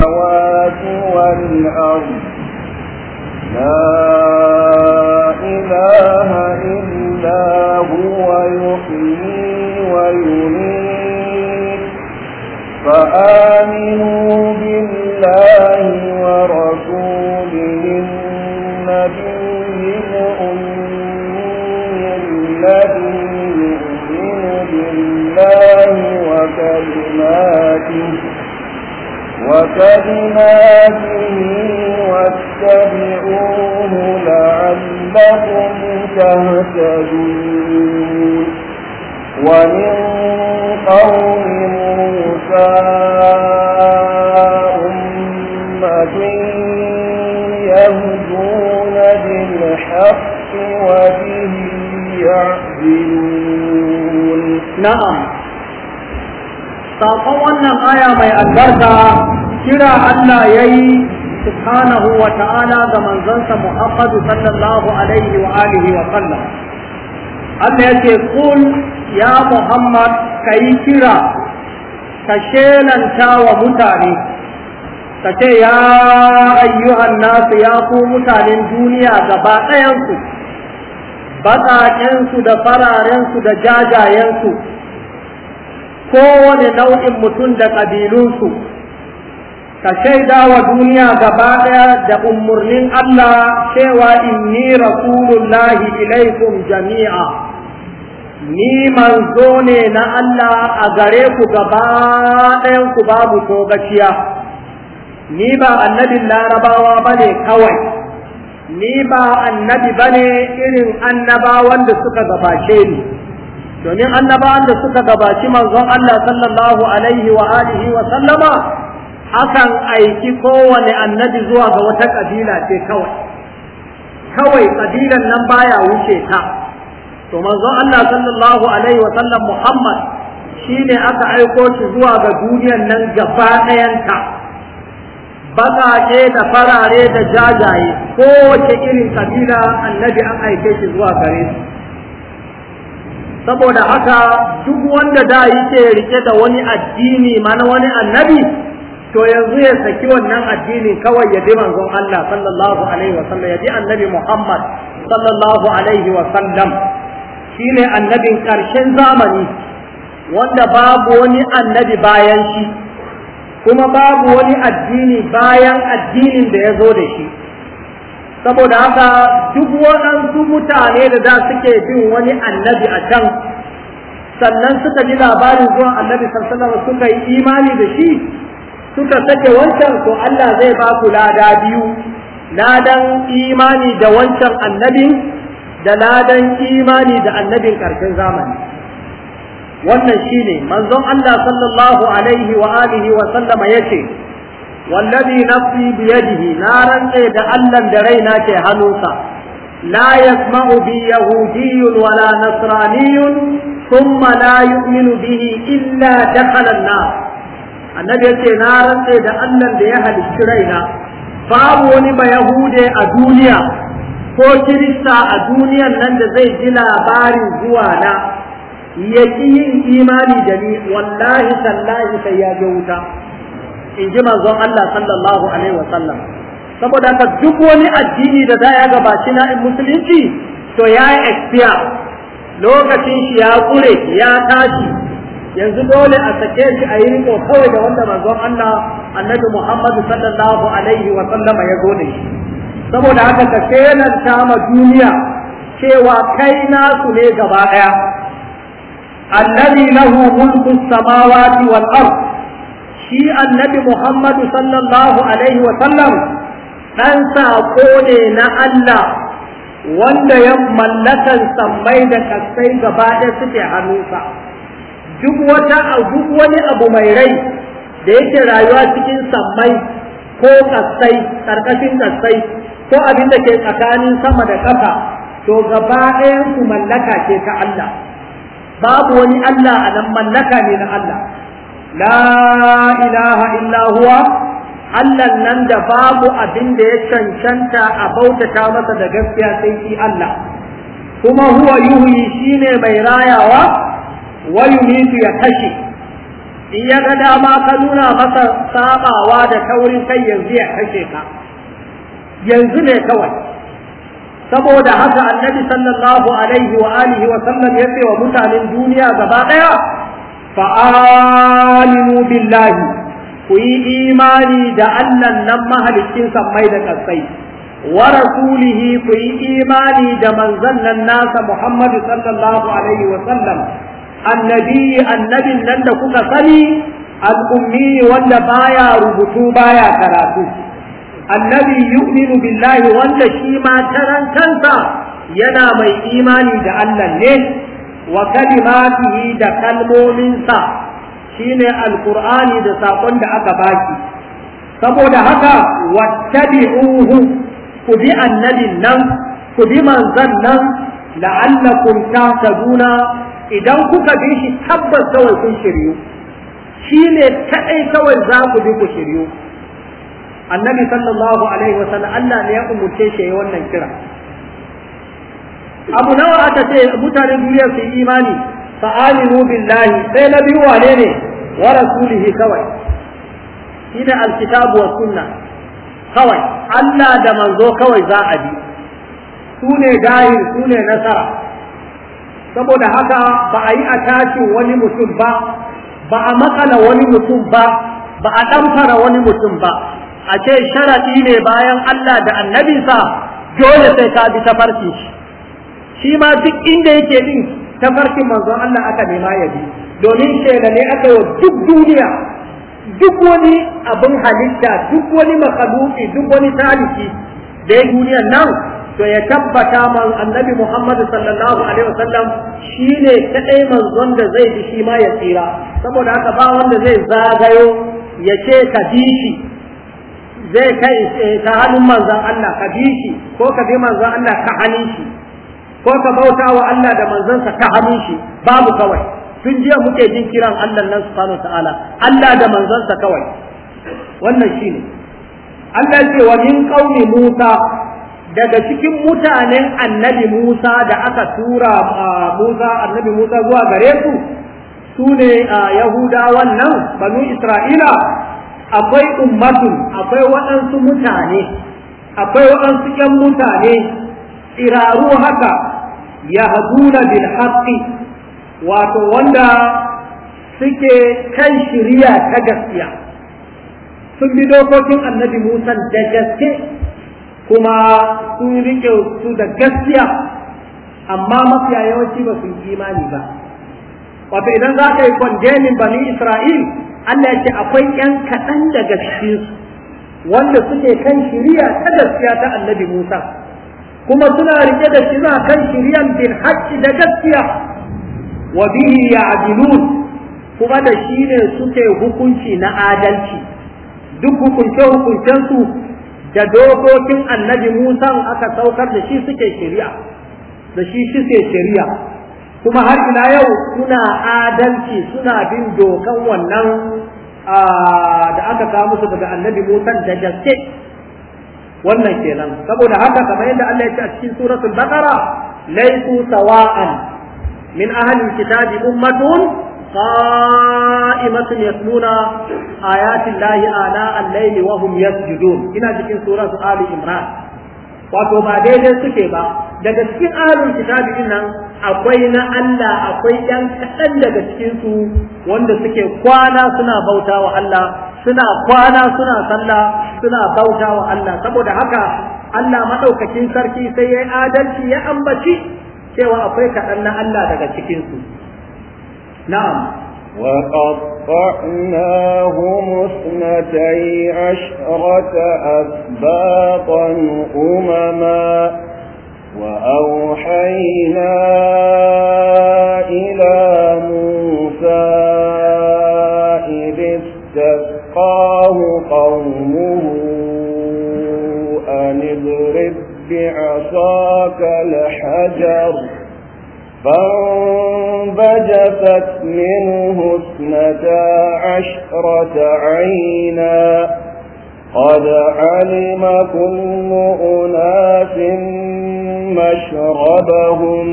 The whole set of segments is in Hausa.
السماوات والأرض لا إله إلا هو يحيي ويميت فآمنوا بالله ورسوله النبي الأمي الذي يؤمن بالله وكلمه وكلماته واتبعوه لعلكم تهتدون ومن قوم موسى أمة يهدون بالحق وبه يعدلون نعم saƙon wannan aya mai albarka kira Allah ya yi subhanahu wa ta'ala ga manzansa Muhammadu sallallahu alaihi wa alihi wa sallam. Allah ya ce, Kul ya Muhammad ka yi kira, ka shelanta wa mutane, ka ce ya ayyuhan nasu ya ku mutanen duniya gaba ɗayansu, baƙaƙensu da fararensu da jajayensu, kowane nau'in mutum da ƙabilunsu. ka shaida wa duniya gaba ɗaya da umarnin Allah cewa inni rasulullahi ilaikum jami'a ni manzo ne na Allah a gare ku gaba ɗayan ku babu togaciya ni ba annabin larabawa ne kawai ni ba annabi ne irin annabawan da suka gabace ni domin annabawan da suka gabaci manzon Allah sallallahu alaihi wa alihi wa sallama akan aiki kowane annabi zuwa ga wata kabila ce kawai kawai kabilan nan baya wuce ta to manzon Allah sallallahu alaihi wa sallam Muhammad shine aka aiko shi zuwa ga duniyar nan gaba ɗayanta baƙaƙe da farare da jajaye kowace irin kabila annabi an aike shi zuwa gare su saboda haka duk wanda da yake rike da wani addini ma na wani annabi to yanzu ya saki wannan addinin kawai ya bi manzon Allah sallallahu alaihi wa sallam ya bi annabi Muhammad sallallahu alaihi wa sallam shine annabin karshen zamani wanda babu wani annabi bayan shi kuma babu wani addini bayan addinin da ya zo da shi saboda haka duk waɗansu mutane da za suke bin wani annabi a can sannan suka ji labarin zuwa annabi sallallahu alaihi wa sallam suka yi imani da shi suka sake wancan to Allah zai ba ku lada biyu ladan imani da wancan annabin da ladan imani da annabin karshen zamani wannan shine manzon Allah sallallahu alaihi wa alihi wa sallama yace wallazi nafsi biyadihi na rantse da Allah da raina ke hannunsa la yasma'u bi yahudiyyun wala nasraniyyun thumma la yu'minu bihi illa dakhala an-nar annabi ya ce na rantse da Allah da ya halicci raina babu wani ba yahude a duniya ko kirista a duniyan nan da zai ji labarin zuwa na ya yin imani da ni wallahi sallahi sai ya ga wuta in ji manzon Allah sallallahu alaihi wa sallam saboda ka duk wani addini da za ya gabaci na in musulunci to ya yi expire lokacin shi ya kure ya tashi yanzu dole a sake shi a yi riko kawai da wanda manzon Allah annabi Muhammad sallallahu alaihi wa sallama ya zo da shi saboda haka ka kenanta ma duniya cewa kai nasu ne gaba daya annabi lahu mulku samawati wal ard shi annabi Muhammad sallallahu alaihi wa sallam dan sako ne na Allah wanda ya mallakan sammai da kasai gaba ɗaya suke hannunsa duk wata abu wani abu mai rai da yake rayuwa cikin sammai ko kasai karkashin kasai ko abin da ke tsakanin sama da ƙasa to gaba ɗayan ku mallaka ce ta Allah babu wani Allah a nan mallaka ne na Allah la ilaha illa huwa Allah nan da babu abin da ya cancanta a bautata masa da gaskiya sai shi Allah kuma huwa yuhyi shine mai rayawa wa yumitu ya kashe in ya dama ka nuna masa sabawa da taurin kai yanzu ya kashe ka yanzu ne kawai saboda haka annabi sallallahu alaihi wa wa sallam ya ce mutanen duniya gaba ɗaya, fa'aminu billahi ku yi imani da Allah nan mahalicin da kasai wa rasulihi ku yi imani da manzon nasa Muhammadu sallallahu alaihi wa sallam annabi annabin nan da kuka sani al'ummi wanda baya rubutu baya karatu annabi yu'minu billahi wanda shi ma taran kansa yana mai imani da Allah ne wa kalimatihi da kalmominsa shine alqur'ani da sakon da aka baki saboda haka wattabi'uhu ku bi annabin nan ku bi manzan nan la'allakum tahtaduna idan kuka bi shi tabbas kawai kun shiryu shi ne kaɗai kawai za ku bi ku shiryu annabi sallallahu alaihi wa sallam Allah ne ya umurce shi yayin wannan kira abu nawa aka ce mutane duniya su yi imani fa aminu billahi sai na biyu wane ne wa rasulihi kawai shi ne alkitabu wa sunna kawai Allah da manzo kawai za a bi Sune ne sune nasara saboda haka ba a yi a tashi wani mutum ba ba a makala wani mutum ba ba a fara wani mutum ba a ce sharaɗi ne bayan Allah da annabinsa dole sai ka bi tafarki shi ma duk inda yake din tafarkin manzon Allah aka nema ya bi domin shaida ne aka yi duk duniya duk wani abin halitta duk wani makaluki duk wani taliki da ya duniyan nan to ya tabbata man annabi Muhammad sallallahu alaihi wasallam shine kadai manzon da zai bi shi ma ya tsira saboda haka ba wanda zai zagayo ya ce ka bi shi zai kai eh, ta hannun manzon Allah ka bi shi ko ka bi manzon Allah ka hannun shi ko ka bauta wa Allah da manzansa ka hannun shi babu kawai tun jiya muke jin kiran Allah nan subhanahu ta'ala Allah da manzansa kawai wannan shine Allah ce wa min qaumi Musa daga cikin mutanen annabi Musa da aka tura Musa annabi Musa zuwa gare su su ne Yahudawan nan banu Isra'ila akwai ummatun akwai waɗansu mutane akwai waɗansu 'yan mutane tsiraru haka yahduna bil haqqi wato wanda suke kan shiriya ta gaskiya sun bi dokokin annabi Musa da gaske kuma sun rike su da gaskiya amma mafiya yawanci ba su yi imani ba wato idan za ka yi kwandemin bani isra'il allah yake akwai yan kaɗan daga su. wanda suke kan shiriya ta gaskiya ta annabi musa kuma suna rike da shi za kan shiriyan bin haƙƙi da gaskiya wa bihi ya'dilun kuma da shi ne suke hukunci na adalci duk hukunce su da dokokin annabi Musa aka saukar da shi suke shari'a da shi suke shari'a kuma har ila yau suna adalci suna bin dokan wannan da aka kawo musu daga annabi Musa da gaske wannan kenan saboda haka kamar yadda Allah ya ce a cikin suratul baqara laysu sawa'an min ahli kitabi ummatun قائمة يتلون آيات الله آناء الليل وهم يسجدون ina cikin سورة آل عمران wato ba daidai suke ba daga cikin alun kitabi din nan akwai na Allah akwai ɗan kaɗan daga cikin su wanda suke kwana suna bauta wa Allah suna kwana suna sallah suna bauta wa Allah saboda haka Allah madaukakin sarki sai ya adalci ya ambaci cewa akwai kaɗan na Allah daga cikin su نعم وقطعناهم اثنتي عشرة أسباطا أمما وأوحينا إلى موسى إذ استسقاه قومه أن اضرب بعصاك الحجر فانبجست منه اثنتا عشرة عينا قد علم كل أناس مشربهم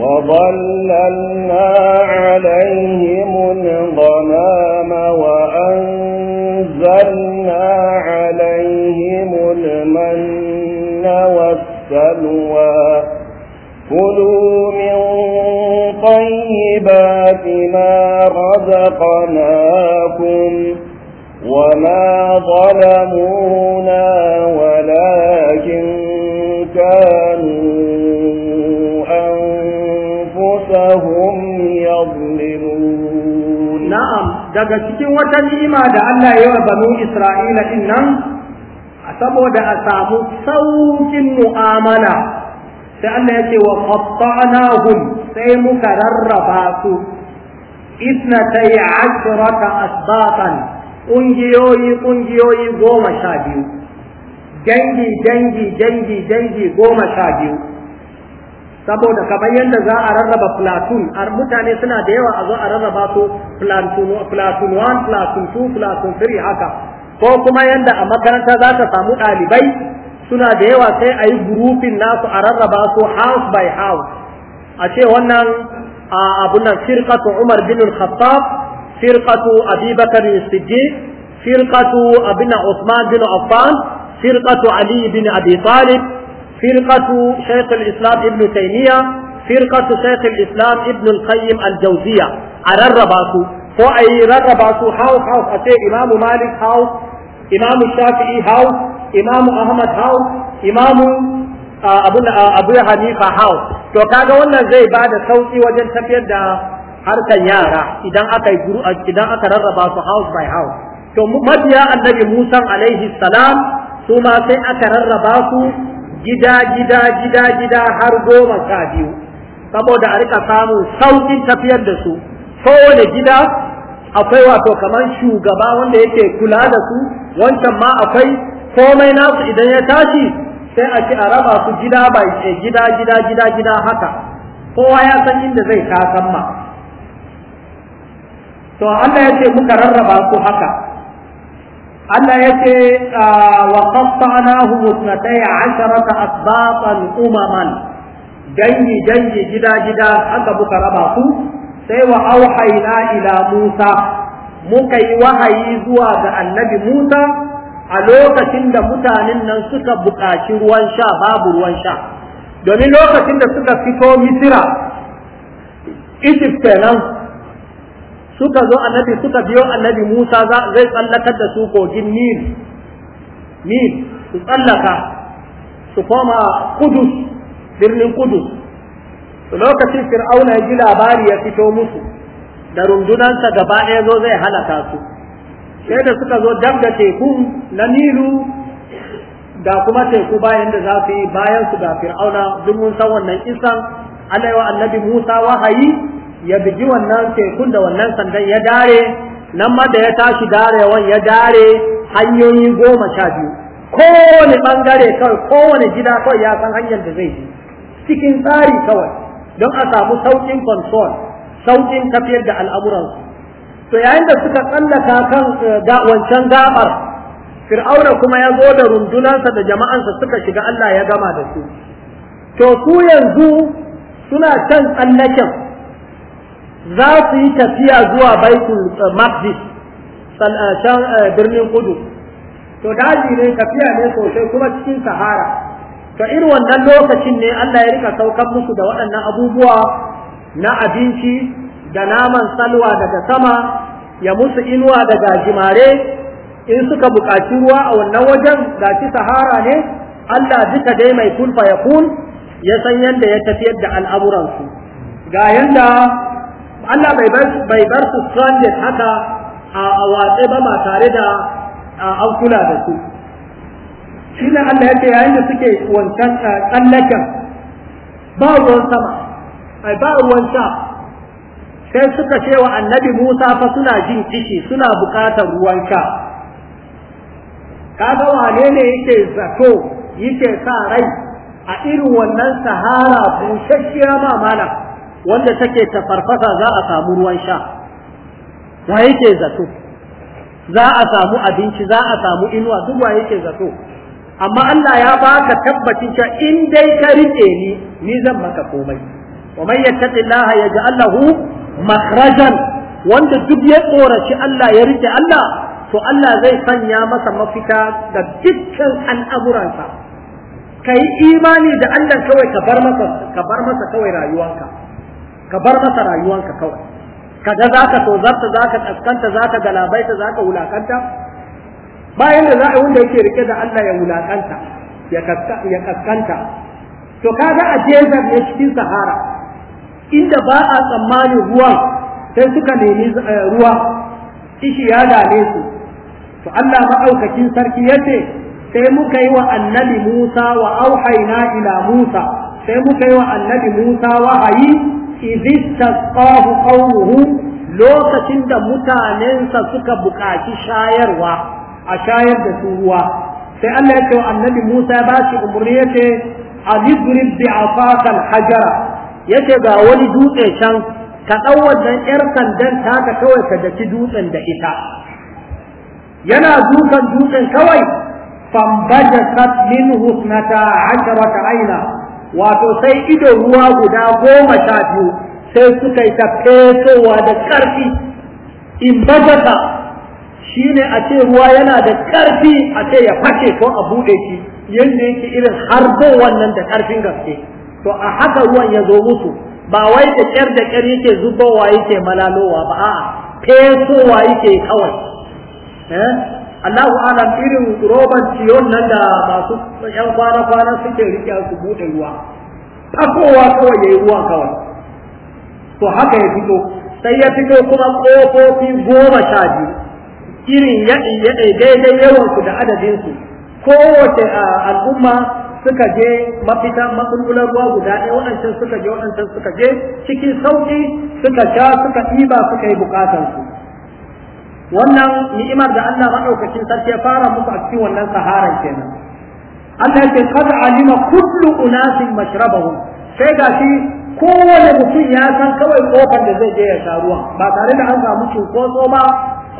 وظللنا عليهم الغمام وأنزلنا عليهم المن والسلوى كلوا من طيبات ما رزقناكم وما ظلمونا ولكن كانوا أنفسهم يظلمون نعم دقا سيكون وطن إما دا الله يوى إسرائيل إنا أسابو دا أسابو سوكن مؤامنا sai Allah ya ce wa qatta'nahum sai muka rarraba su Isna isnatay ashrata asbatan ungiyoyi ungiyoyi goma sha biyu dangi dangi dangi dangi goma sha biyu saboda kamar yadda za a rarraba platoon mutane suna da yawa a zo a rarraba su platoon 1 platoon 2 platoon 3 haka ko kuma yadda a makaranta za ka samu ɗalibai suna da yawa sai a yi gurufin nasu a rarraba su house by house a ce wannan abun nan firqatu Umar bin Al-Khattab firqatu Abi Bakar Siddiq firqatu Abin Usman bin Affan firqatu Ali bin Abi Talib firqatu Shaykh Al-Islam Ibn Taymiyyah firqatu Shaykh Al-Islam Ibn Al-Qayyim Al-Jawziyya a rarraba su ko a yi rarraba su house house a ce Imam Malik house Imam Shafi'i house imamu ahmad house imamu abu hanifa house to kaga wannan zai ba da sauki wajen tafiyar da harkan yara idan aka yi guru idan aka rarraba su house by house to mabiya annabi musa alaihi salam su ma sai aka rarraba su gida gida gida gida har goma sha biyu saboda a rika samun saukin tafiyar da su kowane gida akwai wato kamar shugaba wanda yake kula da su wancan ma akwai komai nasu idan ya tashi sai a ci a raba su gida bai gida gida gida gida haka kowa ya san inda zai ma. to Allah ya ce muka rarraba su haka Allah ya ce ah, wa qatta'nahu musnatay 'asharata asbatan umaman dangi dangi gida gida haka muka raba su sai wa auhayna ila Musa muka yi wahayi zuwa ga annabi Musa a lokacin da mutanen nan suka buƙaci ruwan sha babu ruwan sha domin lokacin da suka fito misira egypt kenan suka zo annabi suka biyo annabi musa zai tsallakar da su kogin nil nil su tsallaka su koma kudus birnin kudus lokacin fir'auna ya ji labari ya fito musu da rundunansa gaba ɗaya zo zai halaka su sai da suka zo dab da teku na nilu da kuma teku bayan da za su yi bayan su da fir'auna duk san wannan isan Allah annabi Musa wahayi ya biji wannan tekun da wannan sandan ya dare nan ma da ya tashi darewan ya dare hanyoyi goma sha biyu kowane bangare kawai kowane gida kawai ya san hanyar da zai bi cikin tsari kawai don a samu sauƙin control sauƙin tafiyar da al'amuransu to yayin da suka tsallaka kan eh, wancan gabar fir'auna kuma ya zo da rundunansa da jama'ansa suka shiga Allah ya gama da su to su yanzu suna can tsallaken za su yi tafiya zuwa baitul eh, maqdis eh, can birnin kudu to daji ne tafiya ne sosai kuma cikin sahara to irin wannan lokacin ne Allah ya rika saukar musu da waɗannan abubuwa na abinci da naman salwa daga sama ya musu inuwa daga jimare in suka buƙaci ruwa a wannan wajen Ga shi sahara ne Allah duka dai mai kun fa yakun ya san yadda ya tafiyar da al'amuransu ga yanda Allah bai bar su stranded haka a watse ba ma tare da an kula da su shi ne Allah ya yayin da suke wancan tsallaken ba ruwan sama ai ba ruwan sha sai suka ce wa annabi Musa fa suna jin kishi suna buƙatar ruwan sha kaga wane ne yake zato yake sa rai a irin wannan sahara bushashiya mamana, mana wanda take ta farfasa za a samu ruwan sha wa yake zato za a samu abinci za a samu inuwa duk wa yake zato amma Allah ya baka tabbacin cewa in dai ka rike ni ni zan maka komai wa man yattaqillaha yaj'al lahu makhrajan wanda duk ya tsoraci Allah ya rike Allah to Allah zai sanya masa mafita da dukkan al'amuransa kai imani da Allah kawai ka bar masa ka bar masa kawai ka bar masa rayuwanka kawai kaga zaka tozarta zaka kaskanta zaka galabaita zaka wulakanta bayan da za a wanda yake rike da Allah ya wulakanta ya kaskanta to kaga a jezar ne sahara inda ba a tsammanin ruwan sai suka nemi eh, ruwa kishi ya dame su to Allah maɗaukakin sarki ya ce sai muka yi wa annabi Musa wa auhaina ila Musa sai muka yi wa annabi Musa wahayi idistasqahu qawluhu lokacin da mutanensa suka buƙaci shayarwa a shayar da su ruwa sai Allah ya ce wa annabi Musa ya ba shi umarni ya ce alidrib al-hajara yake ga wani dutse can ka ɗau wannan ƴar sandan taka kawai ka daki dutsen da ita yana dukan dutsen kawai husnata minhu ta asharata aina wato sai ido ruwa guda goma sha biyu sai suka yi ta fesowa da ƙarfi in Shi shine a ce ruwa yana da ƙarfi a ce ya fashe ko a buɗe shi yadda yake irin harbo wannan da ƙarfin gaske to a haka ruwan ya zo musu ba wai da ƙyar da ƙyar yake zubowa yake malalowa ba a'a fesowa yake kawai eh? Allahu alam irin roban ciyon nan da masu yan kwana kwana suke rike su bude ruwa fasowa kawai ya yi ruwa kawai to haka ya fito sai ya fito kuma kofofi goma sha biyu irin daidai yawansu da adadinsu kowace al'umma suka je mafita makulkular ruwa guda ɗaya waɗancan suka je waɗancan suka je cikin sauƙi suka sha suka ɗiba suka yi buƙatarsu wannan ni'imar da Allah maɗaukakin sarki ya fara musu a cikin wannan saharan kenan Allah ya ce kada alima kullu unasin mashrabahu sai ga shi kowane mutum ya san kawai kofar da zai je ya sha ruwa, ba tare da an samu cunkoso ba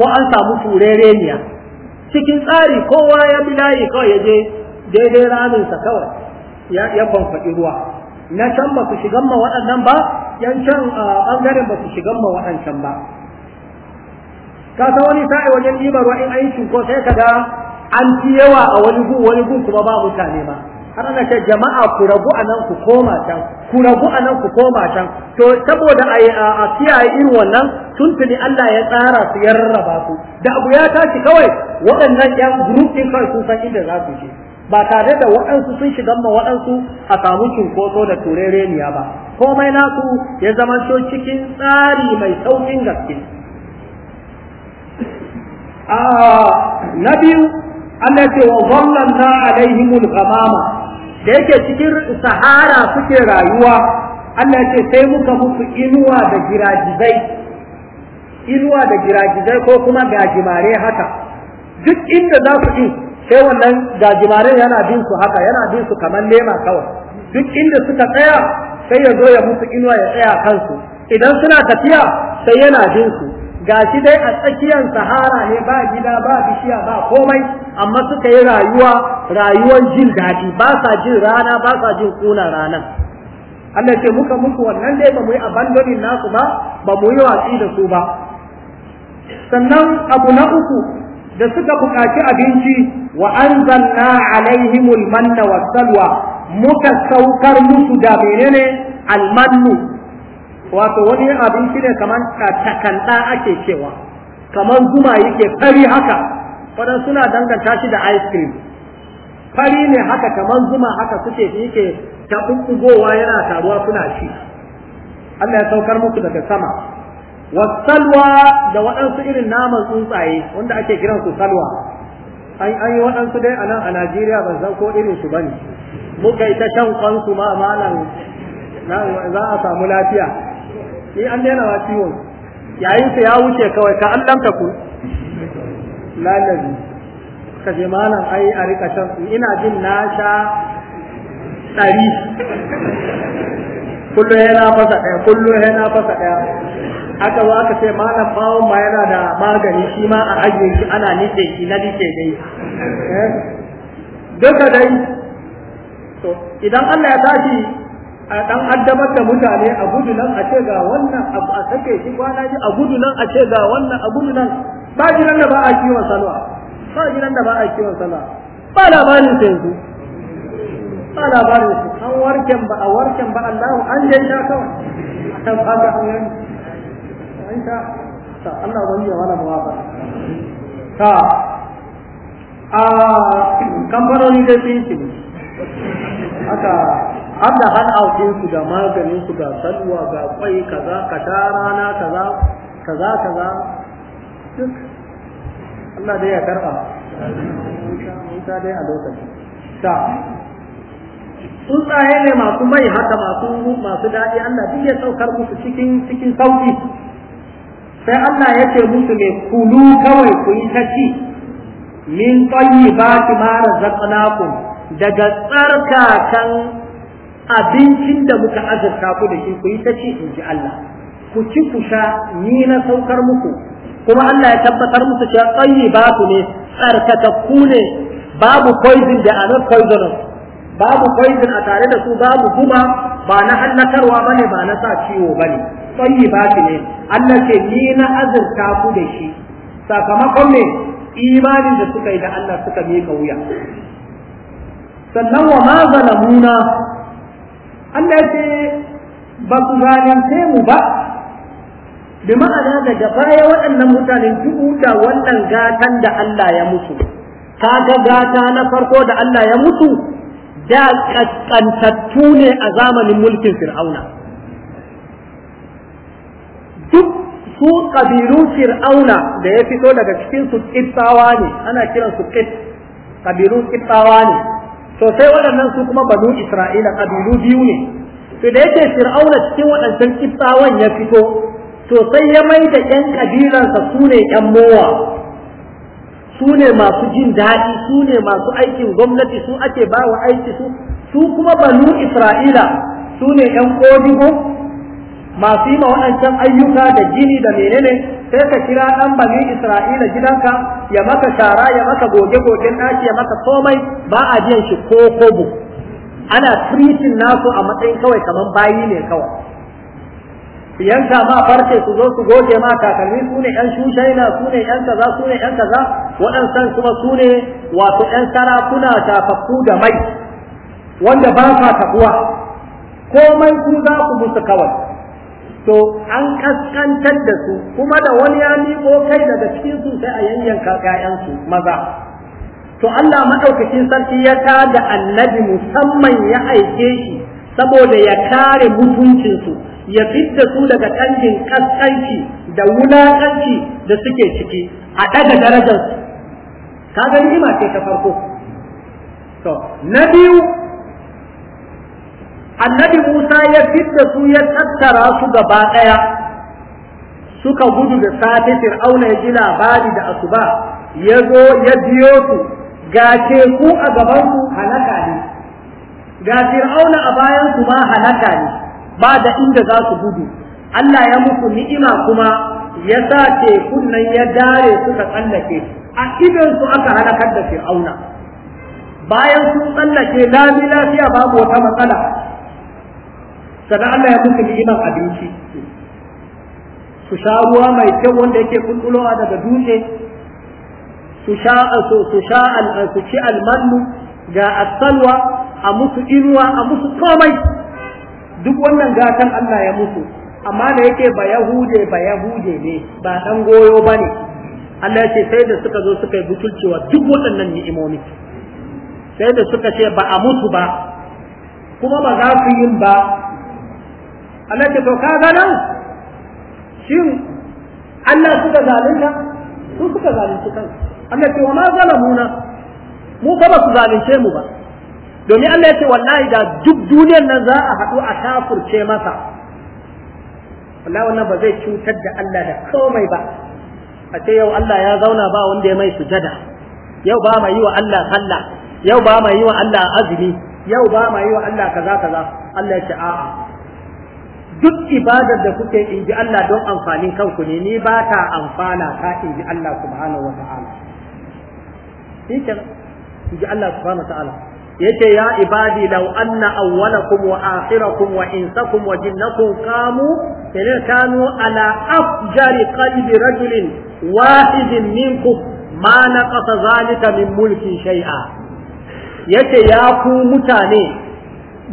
ko an samu turereniya cikin tsari kowa ya bi layi kawai ya je daidai raminsa kawai ya banfaɗi ruwa na can ba su shigan ma waɗannan ba yan can ɓangaren ba su shigan ma waɗancan ba ka san wani sa'i wajen dibar ruwa in aiki ko sai ka ga an fi yawa a wani gun wani gun kuma ba mutane ba har ana ce jama'a ku rabu a nan ku koma can ku rabu a nan ku koma can to saboda a kiyaye irin wannan tuntuni Allah ya tsara su yarraba su da abu ya tashi kawai waɗannan yan group ɗin sun san inda za su je ba tare da waɗansu sun shiga ma waɗansu a samu cunkoso da niya ba komai naku ya zama so cikin tsari mai saukin gaske a na biyu Allah ce wa zallanna alaihimul gamama da yake cikin sahara suke rayuwa Allah ce sai muka musu inuwa da giragizai inuwa da giragizai ko kuma gajimare haka duk inda za su yi sai wannan gajimare yana bin su haka yana bin su kamar lema kawai duk inda suka tsaya sai ya zo ya musu inuwa ya tsaya kansu idan suna tafiya sai yana bin su Ga shi dai a tsakiyar sahara ne ba gida ba bishiya ba komai amma suka yi rayuwa rayuwar jin daɗi ba sa jin rana ba sa jin kuna ranan Allah ce muka muku wannan dai ba mu yi abandonin nasu ba ba mu yi watsi da su ba sannan abu na uku da suka buƙaci abinci wa anzalna alaihimul manna salwa, muka saukar musu da menene almannu wato wani abinci ne kamar takanda ake cewa kamar zuma yake fari haka wadan suna danganta shi da ice cream fari ne haka kamar zuma haka suke yake ta yana taruwa suna ci Allah ya saukar musu daga sama wasalwa da waɗansu irin naman tsuntsaye wanda ake kiran su salwa an yi waɗansu dai a nan a Najeriya ban san ko irin su bane muka yi ta shan kwansu ma malam za a samu lafiya ni an daina ma ciwon yayin su ya wuce kawai ka an lamta ku lalabi ka je malam ai a rika shan ina jin na sha ɗari kullum yana fasa ɗaya kullum yana fasa ɗaya aka zo aka ce malam bawon ma yana da magani shi ma a ajiye shi ana nike shi na nike dai eh? duka dai to idan Allah ya tashi a dan addabar da mutane a gudu nan a ce ga wannan abu a sake shi kwana ji a gudu nan a ce ga wannan a gudu nan ba jiran da ba a kiwon salwa ba jiran da ba a kiwon salwa ba labarin sai ba labarin su an warken ba a warken ba Allahu an je sha kawai ba fata an yi an Ta ta Allah wani ya wala ba ta a kamfanoni da sun ci aka hada hand out su da maganin su ga salwa ga kwai kaza ka rana kaza kaza kaza duk Allah dai ya karba Musa dai a lokaci ta tsuntsaye ne masu mai haka masu masu daɗi Allah duk ya saukar musu cikin cikin sauki sai Allah ya ce musu ne kulu kawai ku yi ta ci min mara ma ku, daga tsarkakan abincin da muka azurta ku da shi ku yi ta ci in ji Allah ku ci ku sha ni na saukar muku kuma Allah ya tabbatar musu cewa tsayi ba ku ne tsarkakakku ne babu poison da anan poisonous babu kwaizin a tare da su babu kuma ba na hannatarwa bane ba na sa ciwo bane tsayi ba ne Allah ce ni na azurta ku da shi sakamakon me imanin da suka yi da Allah suka miƙa wuya sannan wa ma zalamuna Allah ce ba ku zalunce mu ba bi ma'ana daga baya waɗannan mutanen da wannan gatan da Allah ya mutu ga gata na farko da Allah ya mutu da kaskantattu ne a zamanin mulkin fir'auna duk su ƙabiru fir'auna da ya fito daga cikin su ne ana kiran su kit kabilun ne to waɗannan su kuma banu isra'ila kabilu biyu ne to da yake fir'auna cikin waɗancan kittawan ya fito to sai ya mai da ƴan kabilansa su ne ƴan mowa su ne masu jin daɗi su ne masu aikin gwamnati su ake ba wa aiki su su kuma banu isra'ila su ne yan ƙodigo masu yi ma waɗancan ayyuka da jini da menene sai ka kira ɗan banu isra'ila gidanka ya maka shara ya maka goge-gogen ɗaki ya maka komai ba a biyan shi ko kobo ana tiritin nasu a matsayin kawai kamar bayi ne kawai yanka ma farce su zo su goge ma takalmi su ne yan shushaina su ne yan kaza su ne yan kaza waɗansan kuma su ne wato yan sarakuna tafaffu da mai wanda ba sa taɓuwa komai ku za ku musu kawai to an kaskantar da su kuma da wani ya miƙo kai daga cikin su sai a yanyanka ƴaƴansu maza to Allah maɗaukacin sarki ya tada annabi musamman ya aike shi saboda ya kare mutuncinsu ya fidda su daga kangin kaskanci da wulakanci da suke ciki a daga darajar su kaga ni'ima ce ta farko to na biyu annabi Musa ya fidda su ya tattara su gaba daya suka gudu da safe fir'auna ya ji labari da asuba ya zo ya biyo su ga teku a gaban halaka ne ga fir'auna a bayan ku ma halaka ne ba da inda za su gudu Allah ya muku ni'ima kuma ya sa tekun nan ya dare suka tsallake a idan su aka halakar da fir'auna bayan sun tsallake lami lafiya babu wata matsala sannan Allah ya muku ni'imar abinci su sha ruwa mai kyau wanda yake kunkulowa daga dutse su sha su sha al su ci almannu ga asalwa a musu inuwa a musu komai duk wannan gatan Allah ya musu amma da yake ba yahude ba yahude ne ba dan goyo ba ne Allah ya ce sai da suka zo suka yi butulcewa duk waɗannan ni'imomi sai da suka ce ba a mutu ba kuma ba za su yin ba Allah ce to ka ga nan shin Allah suka zalunta su suka zalunci kan Allah ce wa ma zalamuna mu ba su zalunce mu ba domin Allah ya ce wallahi da duk duniyar nan za a haɗu a kafurce masa wallahi wannan ba zai cutar da Allah da komai ba a ce yau Allah ya zauna ba wanda ya mai sujada yau ba mai yi wa Allah sallah yau ba mai yi wa Allah azumi yau ba mai yi wa Allah kaza kaza Allah ya ce a'a duk ibadar da kuke in ji Allah don amfanin kanku ne ni ba ta amfana ka in ji Allah subhanahu wa ta'ala shi in ji Allah subhanahu wa ta'ala yake ya ibadi law anna awwalakum wa akhirakum wa insakum wa jinnakum qamu kanu ala afjari qalbi rajulin wahidin minkum ma naqasa zalika min mulki shay'a yake ya ku mutane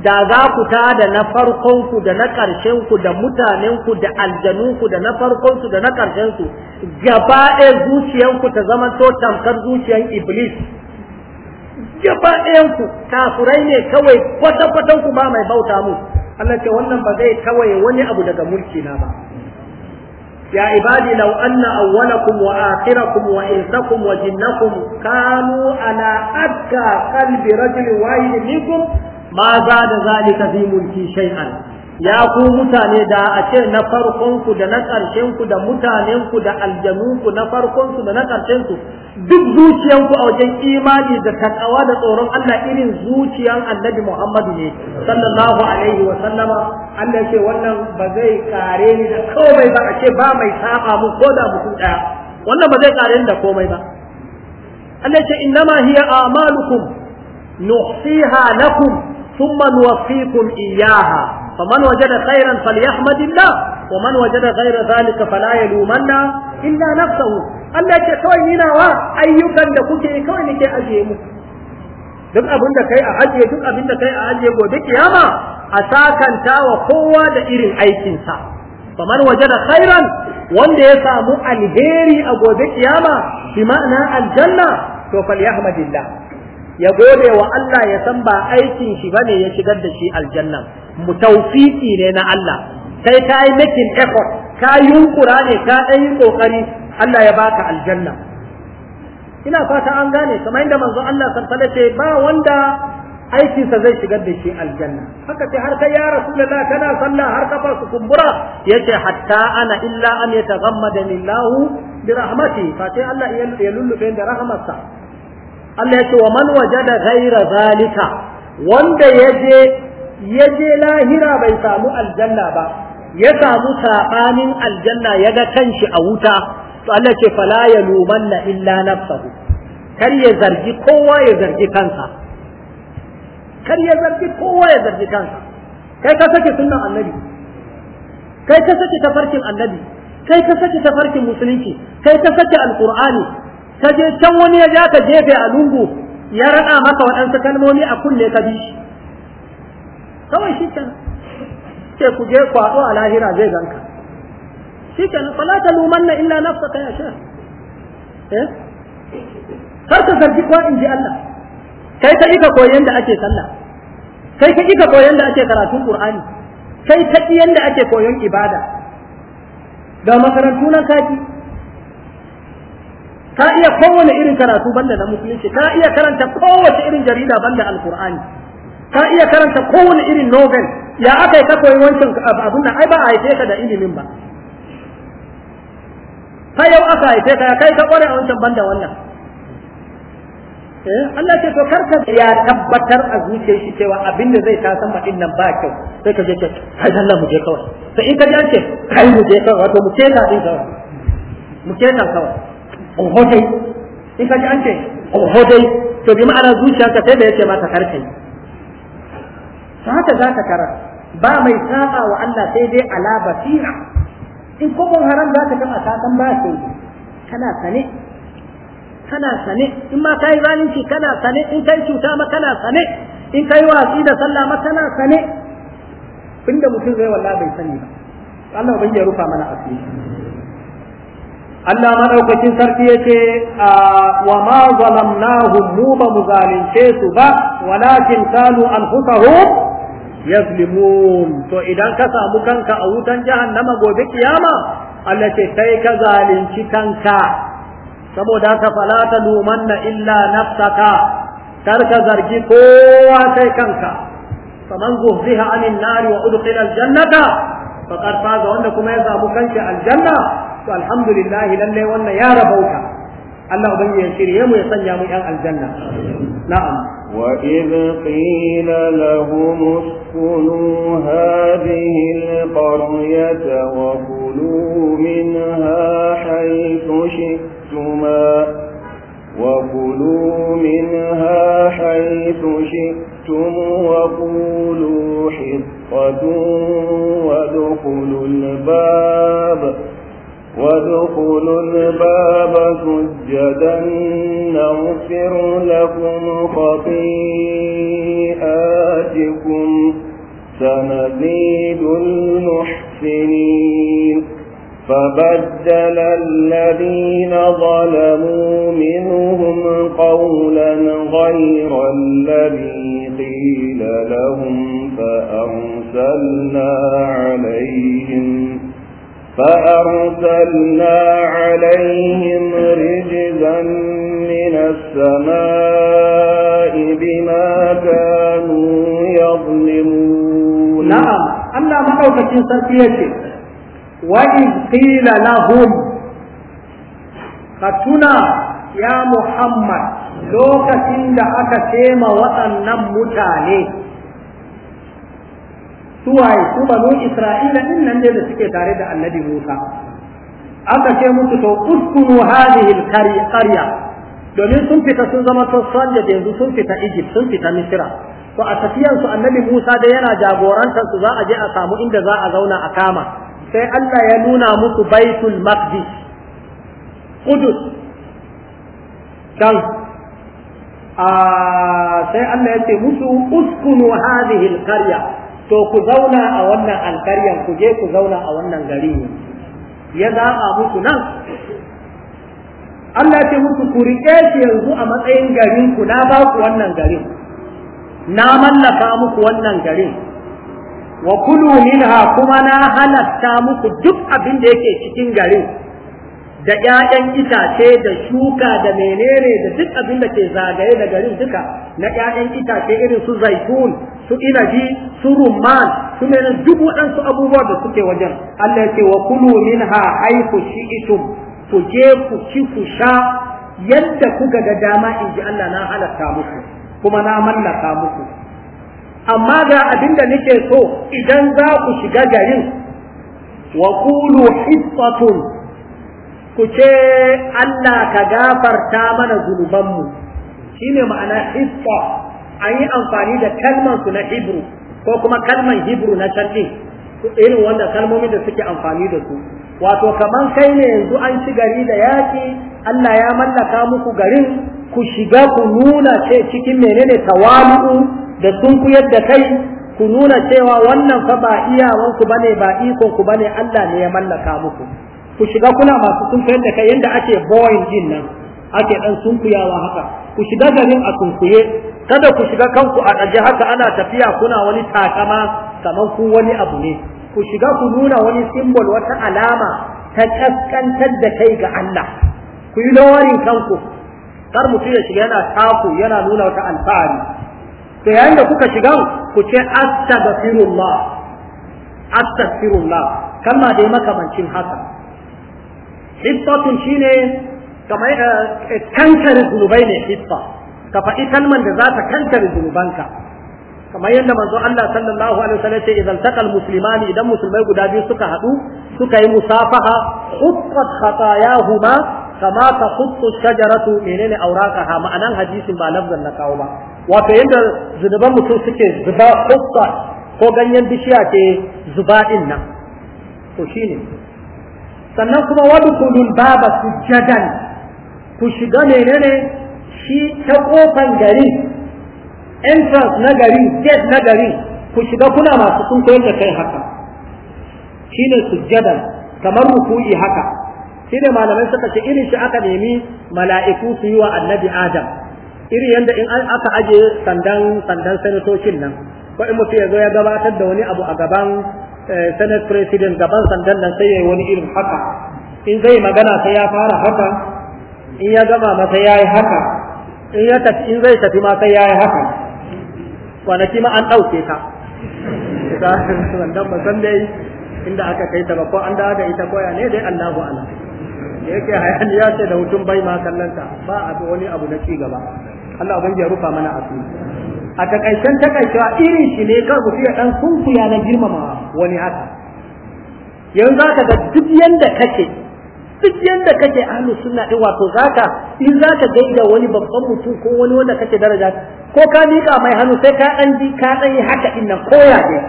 da za ku ta da na farkonku da na ku da mutanen ku da ku da na farkon su da na ƙarshensu gaba ɗaya zuciyanku ta zama to tamkar zuciyan iblis gaba ɗayan ku kafurai ne kawai kwata kwatan ku ba mai bauta mu Allah ce wannan ba zai kawai wani abu daga mulki na ba ya ibadi law anna awwalakum wa akhirakum wa insakum wa jinnakum kanu ala adka qalbi rajulin wahid minkum ma zada zalika fi mulki shay'an ya ku mutane da a ce na farkonku da na ƙarshenku da mutanenku da aljanunku na farkonsu da na ƙarshenku duk zuciyanku a wajen imani da takawa da tsoron Allah irin zuciyan annabi Muhammadu ne sallallahu alaihi wa sallama Allah ce wannan ba zai kare ni da komai ba a ce ba mai saba mu ko da mutum ɗaya wannan ba zai kare ni da komai ba Allah ce innama hiya amalukum nuhsiha lakum thumma nuwaffikum iyyaha faman wajada khairan falyahmadillah wa man wajada ghaira zalika fala yalumanna illa nafsahu Allah ce kawai ni nawa ayyukan da kuke kawai nake ajiye mu duk abinda da kai a ajiye duk abin da kai a ajiye gobe kiyama a sakanta wa kowa da irin aikinsa waje da khairan wanda ya samu alheri a gobe kiyama bi ma'ana aljalla, to falyahmadillah ya gode wa Allah ya san ba aikin shi bane ya shigar da shi aljanna mu tawfiki ne na Allah sai ka yi making effort ka yunkura ne ka ɗan yi kokari Allah ya baka aljanna ina fata an gane kamar yadda manzo Allah sallallahu alaihi ba wanda aikinsa zai shigar da shi aljanna haka ce har kai ya rasulullah kana sallah har kafa su kumbura yace hatta ana illa an yataghammada lillahu bi rahmati fa sai Allah ya lullube da rahmatsa Allah ya ce wa man waje da ghaira zalika wanda yaje yaje lahira bai samu aljanna ba ya samu saɓanin aljanna ya ga kanshi a wuta to Allah ce fala yalumanna illa nafsahu kar ya zargi kowa ya zargi kansa kar ya zargi kowa ya zargi kansa kai ka sake sunan annabi kai ka sake tafarkin annabi kai ka sake tafarkin musulunci kai ka sake alqur'ani ka je can wani ya ja ka jefe a lungu ya raɗa maka waɗansu kalmomi a kulle ka bi shi kawai shi kenan sai ku je kwaɗo a lahira zai ganka shi kenan fala ta na illa nafsaka ya sha eh kar ka zargi ko in ji Allah kai ka ika koyon da ake sallah kai ka ika koyon da ake karatun Qur'ani kai ka yanda ake koyon ibada ga makarantu na kaji ka iya kowane irin karatu banda na musulunci ka iya karanta kowace irin jarida banda alkur'ani ka iya karanta kowane irin novel ya aka yi ka koyi wancan abun nan ai ba a haife ka da ilimin ba fa yau aka haife ka ya kai ka kware a wancan banda wannan Eh Allah ce to karka ya tabbatar a zuciyar shi cewa abin da zai tasan baɗin nan ba kyau sai ka je ka kai Allah mu je kawai sai in ka je an ce kai mu je kawai wato mu ce ka din kawai mu ce ta kawai ohodai in ka ji an ce ohodai to bi ma'ana zuciya ka sai da yace mata karkai to haka za ka kara ba mai saba wa Allah sai dai ala basira in kuma haram za ka kama ka san ba sai kana sane kana sane in ma kai zalunci kana sane in kai cuta ma kana sane in kai watsi da sallah ma kana sane inda mutum zai wallahi bai sani ba Allah ban ya rufa mana asiri Allah maɗaukacin sarki ya ce wa ma zalamnahum mu ba mu zalunce su ba walakin kanu anfusahum yazlimun to idan ka samu kanka a wutan jahannama gobe kiyama Allah ce kai ka zalunci kanka saboda ka fala ta lumanna illa nafsaka kar ka zargi kowa sai kanka faman zuhziha anin nari wa udkhila aljannata faqad faza wanda kuma ya samu kanki aljanna to alhamdulillah lalle wannan ya rabauta Allah ubangi ya shirye mu ya sanya mu yan aljanna na'am wa وإذ قيل لهم اسكنوا هذه القرية وكلوا منها حيث شئتما وكلوا منها حيث شئتم وقولوا حطة وادخلوا الباب وادخلوا الباب سجدا نغفر لكم خطيئاتكم سنزيد المحسنين فبدل الذين ظلموا منهم قولا غير الذي قيل لهم فأرسلنا عليهم فأرسلنا عليهم رجزا من السماء بما كانوا يظلمون نعم أنا محوكة ساتيتي وإذ قيل لهم فتنا يا محمد لو da aka وأنم ma suwaye su banu isra'ila din nan ne da suke tare da annabi musa aka ce musu to uskunu hadhihi alqarya domin sun fita sun zama to da yanzu sun fita egypt sun fita misira to a tafiyan su annabi musa da yana jagorantar su za a je a samu inda za a zauna a kama sai allah ya nuna musu baitul maqdis qudus can ah, sai Allah ya ce musu uskunu hadhihi alqarya to ku zauna a wannan alkaryan ku je ku zauna a wannan gari ya a muku nan Allah ce muku ku riƙe shi yanzu a matsayin garin ku na ba ku wannan garin na mallaka muku wannan garin wa kulu minha kuma na halatta muku duk abin da yake cikin garin da ƴaƴan itace da shuka da menene da duk abin da ke zagaye da garin duka na ƴaƴan itace irin su zaitun su inabi su rumman su mena duk waɗansu abubuwa da suke wajen Allah ce wa kulu minha haifu shi'itum ku je ku ci ku sha yadda kuka ga dama in ji Allah na halatta muku kuma na mallaka muku amma ga abin da nake so idan za ku shiga garin wa kulu hittatun ku ce Allah ka gafarta mana zunubanmu shi ne ma'ana hibba an yi amfani da kalmansu na hibru ko kuma kalman hibru na can irin wanda kalmomin da suke amfani da su wato kamar kai ne yanzu an ci gari da yaƙi Allah ya mallaka muku garin ku shiga ku nuna ce cikin menene tawali'u da sun ku yadda kai ku nuna cewa wannan fa ba iyawanku bane ba ikon ku bane Allah ne ya mallaka muku ku shiga kuna masu sunkuyar da kai yadda ake boyin jin nan ake dan sunkuyawa haka ku shiga garin a sunkuye kada ku shiga kanku a ɗaje haka ana tafiya kuna wani takama kamar ku wani abu ne ku shiga ku nuna wani simbol wata alama ta kaskantar da kai ga Allah ku yi lawarin kanku kar mutum ya shiga yana taku yana nuna wata alfahari to yayin da kuka shiga ku ce astaghfirullah astaghfirullah kalma dai makamancin haka hisfatun shine kamar eh, kankare zunubai ne hisfa ka faɗi kalman da za ta kankare zunubanka kamar yadda manzo Allah sallallahu alaihi wasallam ce idan taqal muslimani idan musulmai guda biyu suka haɗu suka yi musafaha huttat khatayahuma kama ta huttu shajaratu menene auraqaha ma'anan hadisin ba lafzan na kawo ba wato yadda zunuban mutum suke zuba huttat ko ganyen bishiya ke zuba din nan to shine sannan kuma wadkhulul baba sujjadan ku shiga menene shi ta kofan gari entrance na gari gate na gari ku shiga kuna masu sun koyar da kai haka Shi su sujadan kamar ruku'i haka Shi ne malamai suka ce irin shi aka nemi mala'iku su yi wa annabi adam iri yadda in aka ajiye sandan sandan sanatocin nan ko in mutum ya zo ya gabatar da wani abu a gaban Eh, senate president gaban sandan nan sai ya yi wani irin haka in zai magana sai ya fara haka in ya gama masa ya yi haka in ya tafi in zai tafi ma sai ya yi haka kwanaki ma an ɗauke ta wannan ba san dai inda aka kai ta ba ko an daga ita koya ne dai Allahu Allah. da yake hayaniya ce da hutun bai ma kallanta ba abu wani abu na ci gaba Allah ubangi ya rufa mana asiri a takaicen takaicewa irin shi ne kar ku fiye dan sunkuya na girmamawa wani haka yanzu ka ga duk yanda kake duk yanda kake ahlus sunna din wato zaka in zaka gaida wani babban mutum ko wani wanda kake daraja ko ka mika mai hannu sai ka dan bi ka dan yi haka din nan koya dai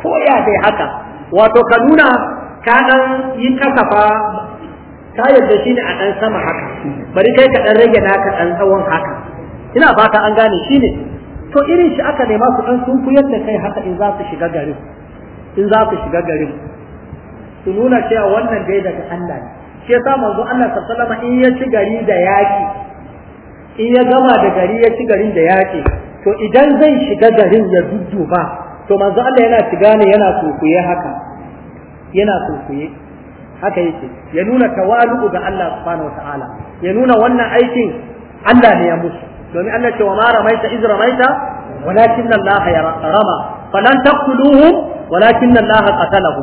koya dai haka wato ka nuna ka dan yi kasafa ka yarda shi ne a dan sama haka bari kai ka dan rage naka dan tsawon haka ina fata an gane shi ne to irin shi aka nema su dan sun kuyar da kai haka in za su shiga garin in za ku shiga garin su nuna cewa wannan dai daga Allah ne shi yasa manzo Allah sallallahu alaihi in ya ci gari da yaki in ya gama da gari ya ci garin da yaki to idan zai shiga garin ya dudduba to manzo Allah yana shiga ne yana kokuye haka yana kokuye haka yake ya nuna tawalu ga Allah subhanahu wataala ya nuna wannan aikin Allah ne ya musu domin Allah ce wa ma ramaita iz ramaita walakin Allah ya rama falan taqtuluhum walakin Allah qatalahu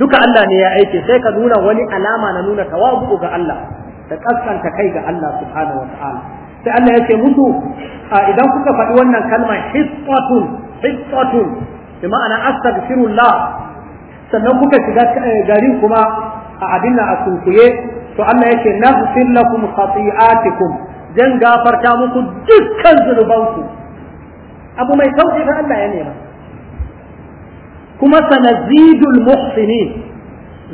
duka Allah ne ya aike sai ka nuna wani alama na nuna tawabu ga Allah da kaskanta kai ga Allah subhanahu sai Allah ya ce musu idan kuka faɗi wannan kalma hisqatun hisqatun bi ma'ana astaghfirullah sannan kuka shiga eh, garin kuma a abin nan a sunkuye to Allah yake naghfir lakum khati'atikum zan gafarta muku dukkan zunubanku abu mai sauki fa Allah ya nema kuma sanazidul muhsinin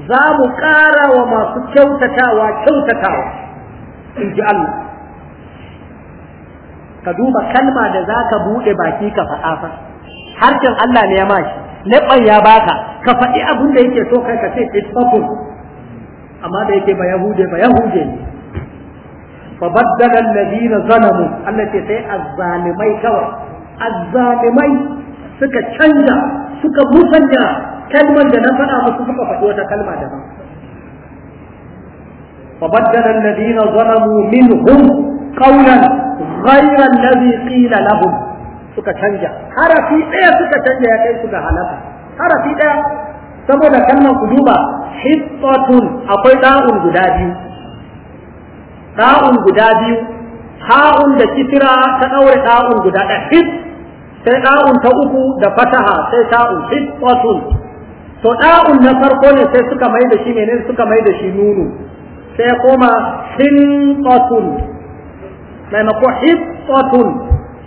za mu ƙara wa masu kyautatawa kyautatawa in ji Allah ka duba kalma da za ka buɗe baki ka faɗa fa harshen Allah ne ya mashi leɓɓan ya baka ka faɗi abin da yake so kai ka ce it's amma da yake ba yahude ba yahude ne fa baddala alladhina zalamu Allah ce sai azzalimai kawai azzalimai suka canja suka musanya kalmar da na faɗa musu suka faɗi wata kalma daban فبدل الذين ظلموا منهم قولا غير الذي قيل لهم suka canja harafi ɗaya suka canja ya kai su ga halaka harafi ɗaya saboda kalmar ku duba hittatun akwai da'un guda biyu ɗa'un guda biyu ha'un da kitira ta ɗaure ɗa'un guda ɗaya sai ɗa'un ta uku da fataha sai ta'un hitsatun to ɗa'un na farko ne sai suka mai da shi ne suka mai da shi nunu sai ya koma hintsatun maimako hitsatun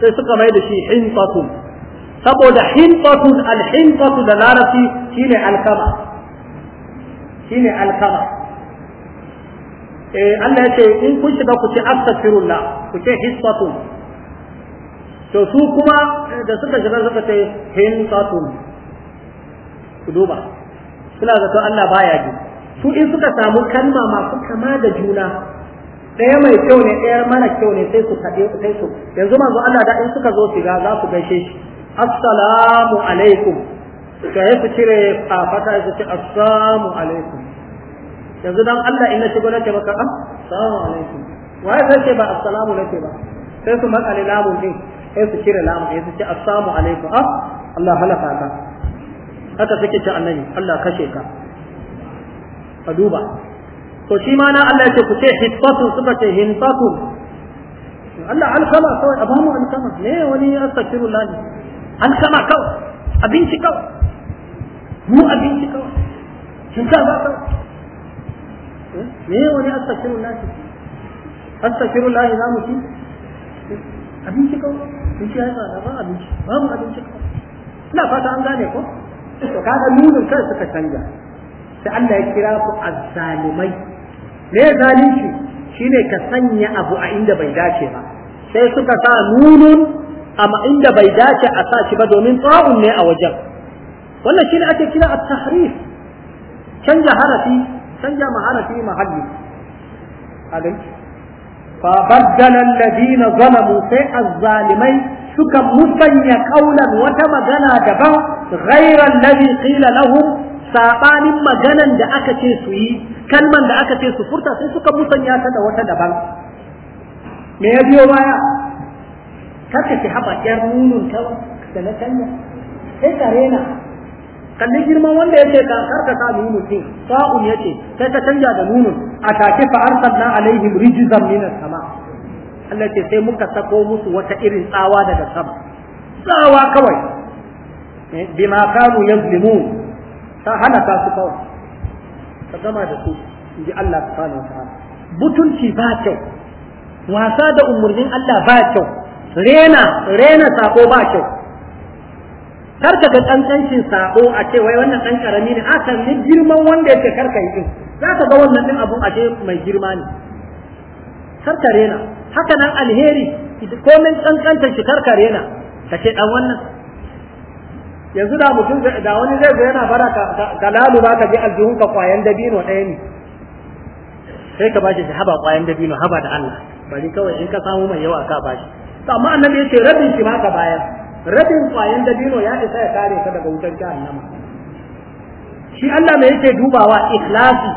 sai suka mai da shi hintsatun saboda hintsatun alhintsatu da larabci shine alkama shine alkama eh, Allah ya ce in kun shiga ku ce astaghfirullah ku ce hitsatun to su kuma eh, da suka shiga suka ce satun ku duba suna zato Allah baya ji su in suka samu kalma masu kama da juna ɗaya mai kyau ne ɗaya mara kyau ne sai su kaɗe sai su yanzu manzo Allah da in suka zo shiga za su gaishe shi assalamu alaikum to ya su cire fata ya su ce assalamu alaikum yanzu dan Allah in na shigo nake maka assalamu alaikum waye sai ce ba assalamu nake ba sai su matsale lamun din sai su cire lamu sai su ce assalamu alaikum ah Allah halaka ka haka suke ce annabi Allah kashe ka A duba to shi ma na Allah ce ku ce hitfatu suka ce hintatu Allah alkama kawai abamu alkama ne wani astaghfirullah alkama kawai abinci kawai mu abinci kawai ba kawai me wani astaghfirullah astaghfirullah za mu ci abinci kawai abinci ya tsada ba abinci babu abinci ina fata an gane ko to kaga nunin kai suka canja sai Allah ya kira ku azzalimai me zalunci shine ka sanya abu a inda bai dace ba sai suka sa nunun amma inda bai dace a sa shi ba domin tsawon ne a wajen wannan shine ake kira at-tahrif canja harafi canja ma harafi mahalli a فبدل الذين ظلموا في الظالمين suka musanya kaulan wata magana daban ghairan ladhi qila lahum sabanin maganan da aka ce su yi kalman da aka ce su furta sai suka musanya ta da wata daban me ya biyo baya kaka ki haba yar nunun ta da na canja sai ka rena kalli girman wanda yace ka karka sa nunu din sa'un yace sai ka canja da nunun a take fa arsalna alaihim rijzan minas sama Allah ce sai muka sako musu wata irin tsawa daga sama tsawa kawai eh, bima kanu yazlimun ta halaka su kawai ka gama da su inji Allah subhanahu wa ta'ala butunci ba kyau wasa da umurnin Allah ba kyau rena rena sako ba kyau kar ka ga kankancin sako a ce wai wannan dan karami ne aka ni girman wanda yake kar ka yi din za ka ga wannan din abun a ce mai girma ne kar ka rena haka nan alheri komai kankantar shi kar ka rena ka ce dan wannan yanzu da mutum da wani zai zo yana bara ka lalu ba ka je aljihun ka kwayan dabino ɗaya ne sai ka bashi haba kwayan dabino haba da Allah bari kawai in ka samu mai yawa ka bashi to amma annabi yace rabin shi ma ka bayar rabin kwayan dabino ya isa ya kare ka daga wutar jahannama shi Allah mai yake dubawa ikhlasi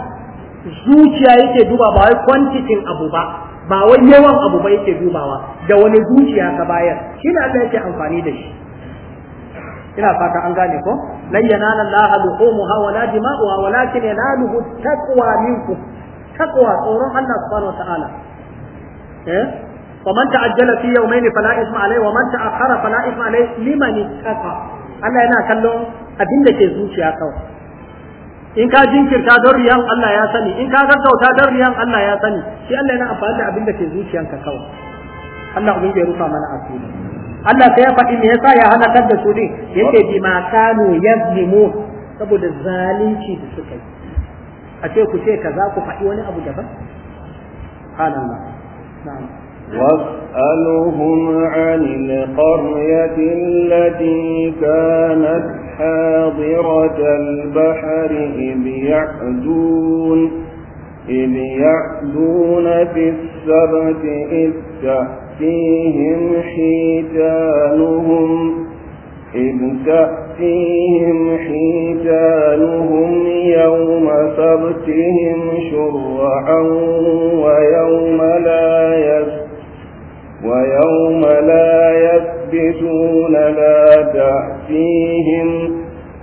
zuciya yake duba ba wai kwantitin abu ba ba wai yawan abu ba yake dubawa da wani zuciya ka bayar shi ne Allah yake amfani da shi ina fata an gane ko lan yanala Allah luhumuha wala dima'uha walakin yanaluhu taqwa minkum taqwa tsoron Allah subhanahu wa ta'ala eh ومن تعجل في يومين فلا إثم عليه ومن تأخر فلا إثم عليه لمن اتقى Allah yana kallon abin da ke zuciya kawai in ka jinkirta don riyan Allah ya sani in ka gaggauta don riyan Allah ya sani shi Allah yana amfani da abin da ke zuciyanka kawai Allah bai rufa mana Allah sai ya faɗi me yasa ya halakar da su din yake bi ma kanu yazlimu saboda zalunci da suka yi a ce ku ce kaza ku faɗi wani abu daban na'am واسألهم عن القرية التي كانت حاضرة البحر إذ يعدون إذ يعدون في السبت إذ تأتيهم حيتانهم إذ تأتيهم حيتانهم يوم سبتهم شرعا ويوم لا ويوم لا يثبتون لا تأتيهم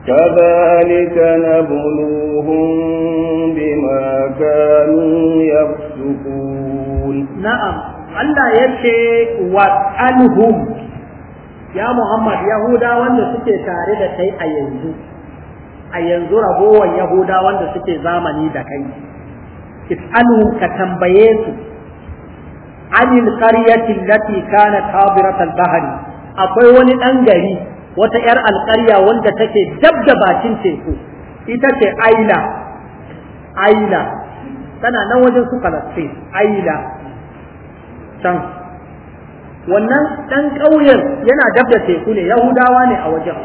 كذلك نبلوهم بما كانوا يفسقون نعم الله يكي واسألهم يا محمد يهودا wanda suke tare da kai a yanzu a yanzu ragowar yahuda wanda suke zamani da kai is'alhum ka tambaye su anil qaryati allati kanat habirat al akwai wani dan gari wata yar alƙarya wanda take dabda bakin teku ita ce aila aila tana nan wajen su falastin aila can wannan ɗan ƙauyen yana dabda teku ne yahudawa ne a wajen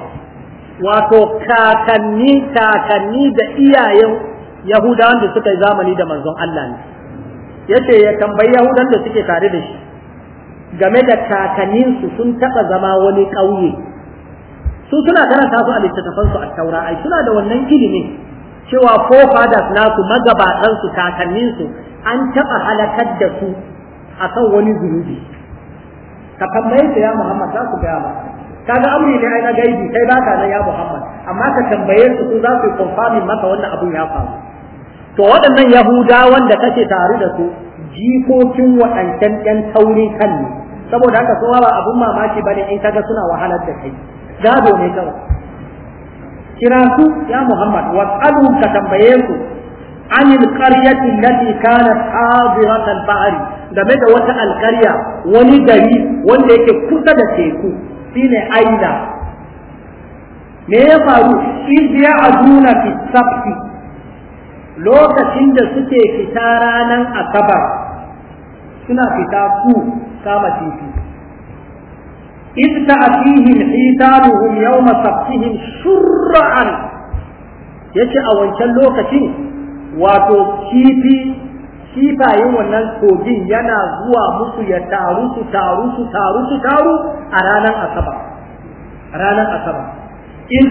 wato kakanni kakanni da iyayen yahudawan da suka yi zamani da manzon Allah ne yace ya tambayi yahudan da suke tare da shi game da kakanninsu sun taɓa zama wani ƙauye su suna karanta su a littattafansu a taura ai suna da wannan ilimi cewa ko forefathers nasu magabatansu kakanninsu an taɓa halakar da su a kan wani zunubi ka tambaye ya Muhammad za ku gaya ba kaga amri ne ai na gaibi kai ba ka ya Muhammad amma ka tambaye su su za su yi maka wannan abun ya faru to waɗannan yahudawan da kake tare da su jikokin waɗancan ƴan taurin kan ne saboda haka kowa ba abun mamaki ba ne in kaga suna wahalar da kai gado ne kawai kira su ya muhammad wa tsalu ka tambaye su anil qaryati allati kanat hadirat al da game da wata alkarya wani gari wanda yake kusa da teku shine aina me ya faru idh ya'duna fi sabti lokacin da suke fita ranar asabar suna fita ku kama kifi إذ تأتيهم حيتانهم يوم سبتهم شرعا yace a wancan lokacin wato kifi kifayen wannan kogin yana zuwa musu ya taru su taru su taru su taru a ranar asaba ranar asaba in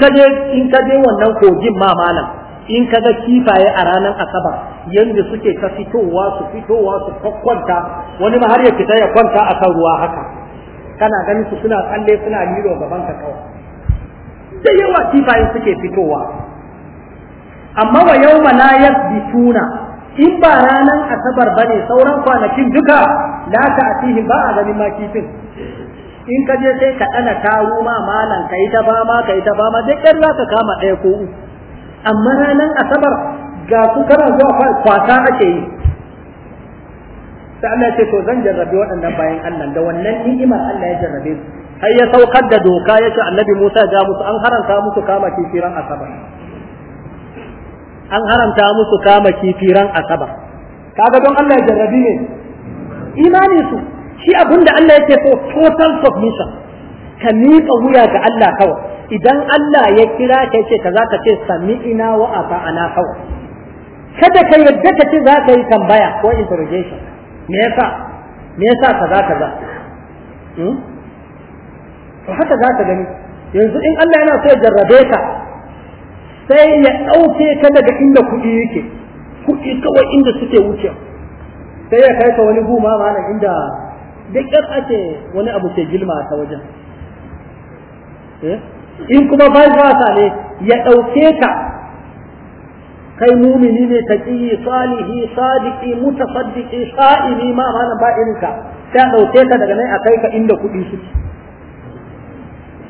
ka je wannan kogin ma malam in ka ga kifaye a ranar asabar yadda suke ka fitowa su fitowa su kwakwanta wani ma har ya fita ya kwanta a kan ruwa haka kana ganin su suna tsalle suna liro gaban ka kawai da yawa kifaye suke fitowa amma wa yau ma la yasbituna in ba ranar asabar ba ne sauran kwanakin duka la ta'tihim ba a ganin ma kifin in ka je sai ka ɗana taro ma malam, ka yi ta fama ka yi ta ma duk ɗan za ka kama ɗaya ko uku amma ranar asabar ga su kana zuwa kwasa ake yi sai Allah ce to zan jarrabe waɗannan bayan Allah da wannan ni'imar Allah ya jarrabe su har ya saukar da doka ya ce annabi Musa ga musu an haramta musu kama kifiran asabar. an haramta musu kama kifiran asaba kaga don Allah ya jarrabe ne imani su shi abinda Allah yake so total submission ka miƙa wuya ga Allah kawai idan Allah ya kira ka ce ka za ka ce sami ina wa a ana kawai kada ka yadda ka ce za ka yi tambaya ko interrogation me yasa me yasa ka za ka za hmm? to haka za ka gani yanzu in Allah yana so ya jarrabe ka sai ya ɗauke ka daga inda kuɗi yake kuɗi kawai inda suke wuce sai ya kai ka wani guma malam inda duk ƙasa ake wani abu ke gilma ta wajen eh? in kuma vice versa ne ya ɗauke ka kai mumini ne taqiyi salihi sadiqi mutasaddiqi sa'imi ma mana ba irinka sai ɗauke ka daga nan a kai ka inda kuɗi su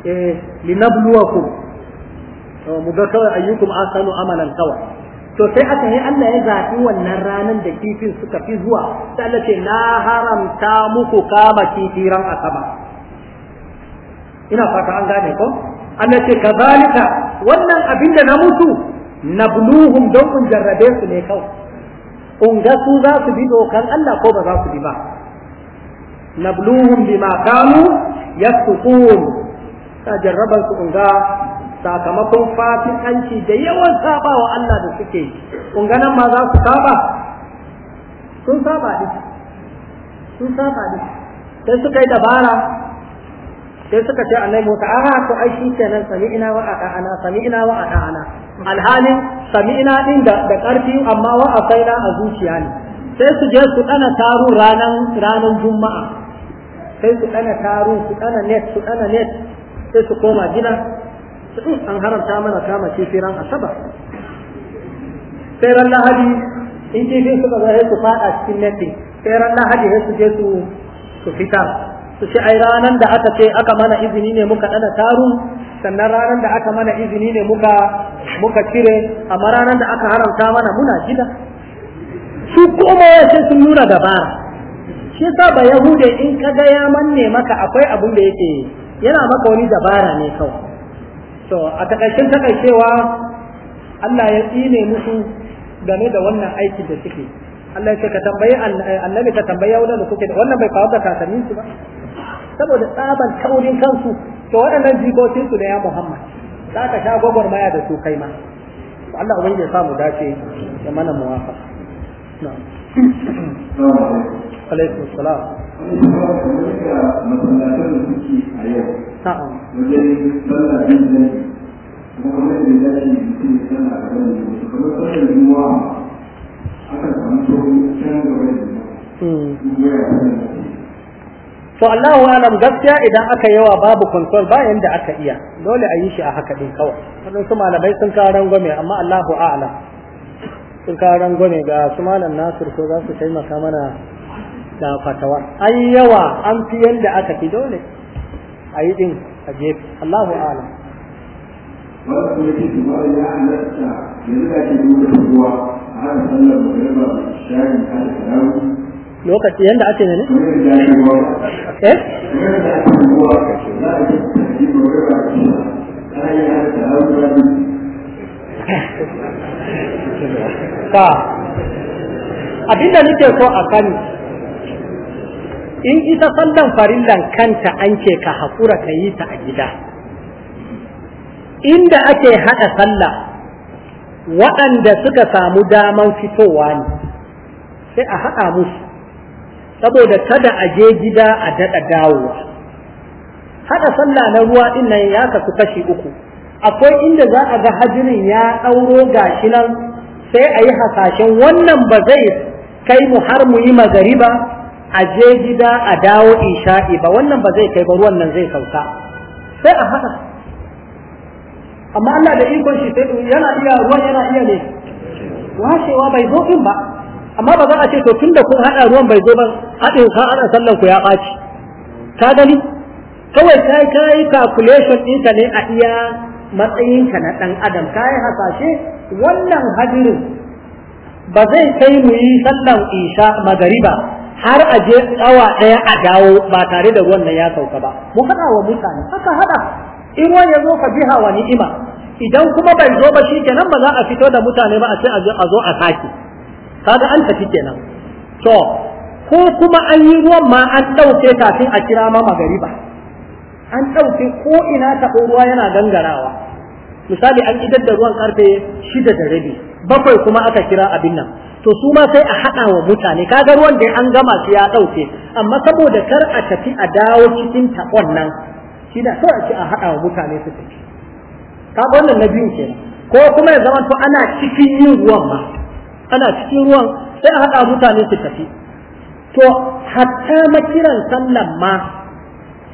eh linabluwakum mu ga kawai ayyukum asanu amalan kawai to sai aka yi Allah ya zafi wannan ranar da kifin suka fi zuwa sai Allah ce na haramta muku kama kifiran asaba ina fata an gane ko Allah ce kazalika wannan abin da na mutu na buluhun don in jarrabe su ne kawai in ga su za su bi dokan Allah ko ba za su bi ba na buluhum bima kanu yasqun ta jarraban su in ga sakamakon fasikanci da yawan sabawa Allah da suke kun ga nan ma za su saba sun saba din sun saba din sai suka yi dabara sai suka ce annabi Musa a to ai shi kenan sami'ina wa ata'ana sami'ina wa ata'ana alhalin sami'ina din da da karfi amma wa asaina a zuciya ne sai su je su dana taru ranan ranan juma'a sai su dana taru su dana net su dana net sai su koma gida su an haramta mana kama kifi ran asaba sai ran lahadi in kifin suka zo sai su fada cikin net sai ran lahadi sai su je su su fita su shi ai ranan da aka ce aka mana izini ne muka dana taru sannan ranan da aka mana izini ne muka muka cire amma ranan da aka haramta mana muna gida su koma ce sun nuna dabara shi sa ba yahude in kaga ya manne maka akwai abin da yake yana maka wani dabara ne kawai to a takaicin takaicewa Allah ya tsine musu game da wannan aikin da suke Allah ya ce ka tambayi annabi ka tambayi wannan da kuke da wannan bai faru da kakanninsu ba saboda tsaban kaurin kansu to waɗannan jikokin su da ya Muhammad za ka sha gwagwarmaya da su kai ma Allah ubangiji ya samu dace ya mana muwafa na'am alaikum salam Hmm. to Allahu alam gaskiya idan aka yawa babu control ba yanda aka iya dole a yi shi a haka din kawai sannan su malamai sun kawo rangwame amma Allahu ala sun kawo rangwame ga su malam Nasir ko za su taimaka mana da fatawa an yawa an fi yanda aka fi dole a yi din a gefe Allahu ala. wasu yake kamar ya halatta yanzu da ke duba ruwa a hana sallar magana ba shayin kada ka dawo lokaci yanda ake ne eh? abinda nake so a kan in ita sallan farillan kanta an ce ka haƙura ka yi ta a gida inda ake haɗa sallah waɗanda suka samu daman fitowa ne sai a haɗa musu saboda kada a je gida a daɗa dawowa haɗa sallah na ruwa ɗin nan ya kasu kashi uku akwai inda za a ga hajjinin ya ɗauro gashi nan sai a yi hasashen wannan ba zai kai mu har mu yi magariba a je gida a dawo isha'i ba wannan ba zai kai ba ruwan nan zai sauka sai a haɗa amma Allah da ikon shi sai yana iya ruwan yana iya ne washewa bai zo in ba amma ba za a ce to tun da kun haɗa ruwan bai zo ba haɗin ka ana sallan ku ya ɓaci ka gani kawai kai kai calculation ɗinka ne a iya matsayinka na ɗan adam ka yi hasashe wannan hadirin ba zai kai mu yi sallan isha magariba har a je tsawa ɗaya a dawo ba tare da ruwan nan ya sauka ba mu haɗa wa mutane haka haɗa in ruwan ya zo ka biha wa ni'ima idan kuma bai zo ba shi kenan ba za a fito da mutane ba a ce a zo a sake kaga an tafi kenan to ko kuma an yi ruwan ma an ɗauke kafin a kira ma magariba an ɗauke ko ina ta ruwa yana gangarawa misali an idar da ruwan karfe shida da rabi bakwai kuma aka kira abin nan to su ma sai a haɗa wa mutane kaga ruwan da an gama su ya ɗauke amma saboda kar a tafi a dawo cikin taɓon nan shi da a ce a haɗa wa mutane su tafi kaga wannan na biyu kenan ko kuma ya zama to ana cikin yin ruwan ma ana cikin ruwan sai a haɗa mutane su tafi to hatta makiran sallan ma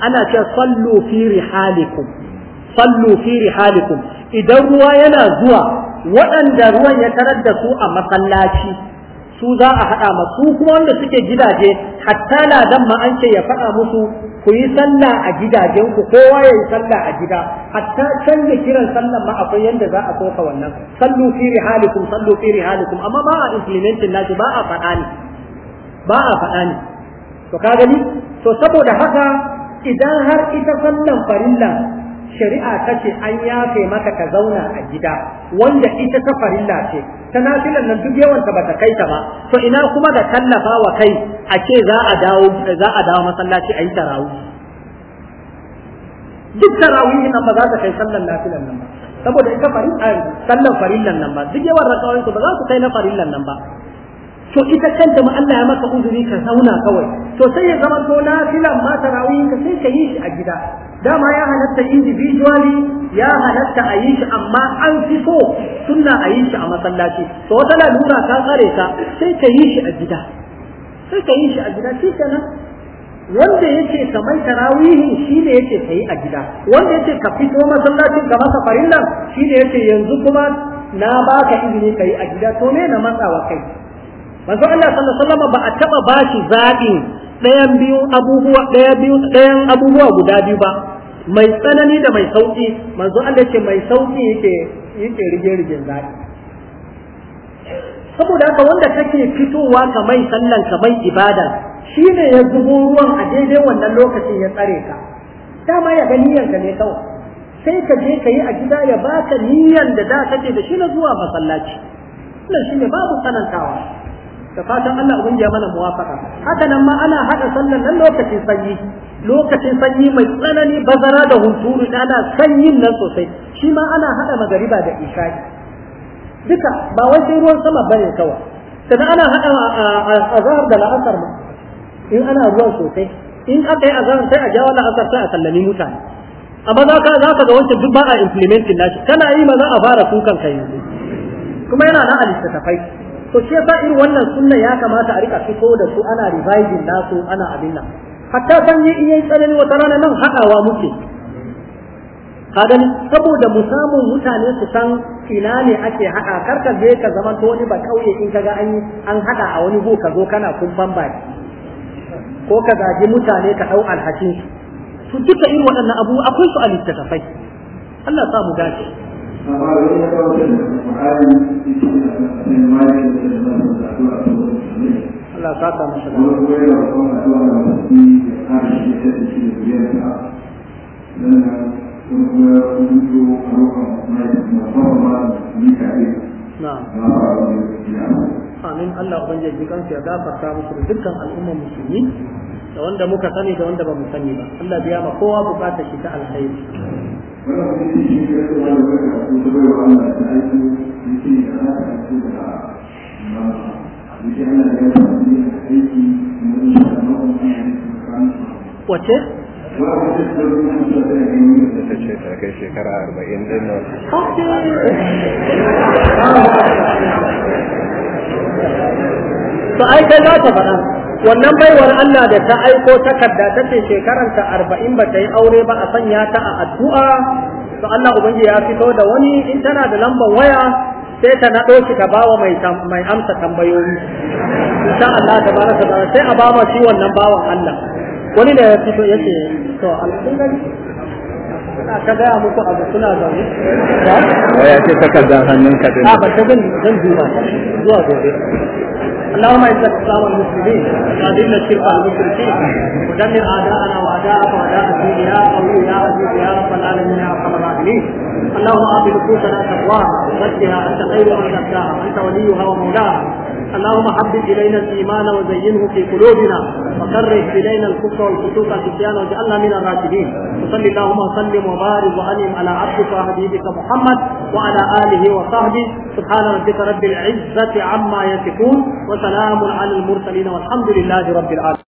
ana ce sallu fi rihalikum sallu fi rihalikum idan ruwa yana zuwa waɗanda ruwan ya tarar da su a masallaci su za a haɗa ma su kuma wanda suke gidaje hatta dan ma an ce ya faɗa musu ku yi sallah a gidajen ku kowa ya yi sallah a gida hatta canza kiran sallah ma akwai yanda za a soka wannan sallu fi rihalikum sallu fi rihalikum amma ba a implementin nashi ba a faɗa ne ba a faɗa ne to ka gani to saboda haka idan har ita sallan farilla shari'a ta ce an yafe maka ka zauna a gida wanda ita ta farilla ce ta nafilan nan duk yawanta bata kai ta ba to ina kuma da tallafa wa kai a ce za a dawo za a dawo masallaci a yi tarawih duk tarawih nan ba za ta kai sallan nafilan nan ba saboda ita farin eh, sallan farillan nan ba duk yawan rakawoyin ba za su kai na farillan nan ba to ita kanta ma Allah ya maka uzuri ka zauna kawai to sai ya zama to nafilan ma tarawih ka sai ka yi shi a gida dama ya halatta individually ya halatta a yi shi amma an fi so sunna a yi shi a masallaci to wata lalura ka tsare ka sai ka yi shi a gida sai ka yi shi a gida shi kenan wanda yake ka mai tarawihi shi ne yake ka yi a gida wanda yake ka fito masallacin ka masa farillan shi ne yake yanzu kuma na baka izini ka yi a gida to me na matsawa kai manzo Allah sallallahu alaihi wasallam ba a taba bashi zabi ɗayan biyu abubuwa ɗaya biyu ɗayan abubuwa guda biyu ba mai tsanani da mai sauki manzo Allah ce mai sauki yake yake rige rige zabi saboda haka wanda take fitowa ka mai sallan ka mai ibada shine ya zubo ruwan a daidai wannan lokacin ya tsare ka dama ya ga niyyarka ne kawai sai ka je ka yi a gida ya baka niyyar da da kake da shi na zuwa masallaci wannan shine babu sanantawa da fatan Allah ubin ya mana muwafaka haka nan ma ana haɗa sallan nan lokacin sanyi lokacin sanyi mai tsanani bazara da hunturu da ana sanyin nan sosai shi ma ana haɗa magariba da isha'i duka ba wai sai ruwan sama bane kawai Kada ana haɗa azhar da la'asar ma in ana ruwan sosai in aka yi azhar sai a jawo la'asar sai a sallami mutane amma za ka za ka ga wancan duk ba a implementing nashi kana yi ma za a fara kukan kai kuma yana na a littattafai to shi yasa irin wannan sunna ya kamata a rika fito da su ana reviving nasu ana abin nan hatta san yi iya tsanani wata rana nan haɗawa muke kadan saboda mu samu mutane su san ina ne ake haɗa kar ka je ka zama wani ba kauye in kaga an an haɗa a wani go ka zo kana kumban baki ko ka gaji mutane ka ɗau alhakin su duka irin waɗannan abu akwai su a littattafai Allah sa mu gashi فقال Allah ka ta da wani da shi shi da yi amin kansa ya gafarta musu da dukkan al'ummar musulmi da wanda muka sani da wanda ba mu sani ba Allah biya ma kowa bukatar shi ta alkhairi wani abin shi ne wace ta ce ta kai shekara arba'in din nan. To ta kai za ta faɗa. wannan baiwar Allah da ta aiko takarda ta ce ta arba'in ba ta yi aure ba a sanya ta a addu'a to Allah ubangi ya fito da wani in tana da lambar waya sai ta naɗo shi ta bawa mai mai amsa tambayoyi insha Allah ta bara ta sai a bawa shi wannan bawan Allah wani da ya fito yace to alhamdulillah ana ta gaya muku abu suna zaune ya ce takardar hannun ka din a ah, ba ta zan zuwa gobe اللهم اعز الاسلام والمسلمين واذل الشرك والمشركين ودمر اعداءنا واعداءك واعداء الدين يا قوي يا عزيز يا رب العالمين يا ارحم الراحمين اللهم اعط نفوسنا تقواها وزكها انت خير من زكاها انت وليها ومولاها اللهم حبب إلينا الإيمان وزينه في قلوبنا وكره إلينا الكفر والفسوق والعصيان واجعلنا من الراشدين وصل اللهم وسلم وبارك وأنعم على عبدك وحبيبك محمد وعلى آله وصحبه سبحان ربك رب العزة عما يصفون وسلام على المرسلين والحمد لله رب العالمين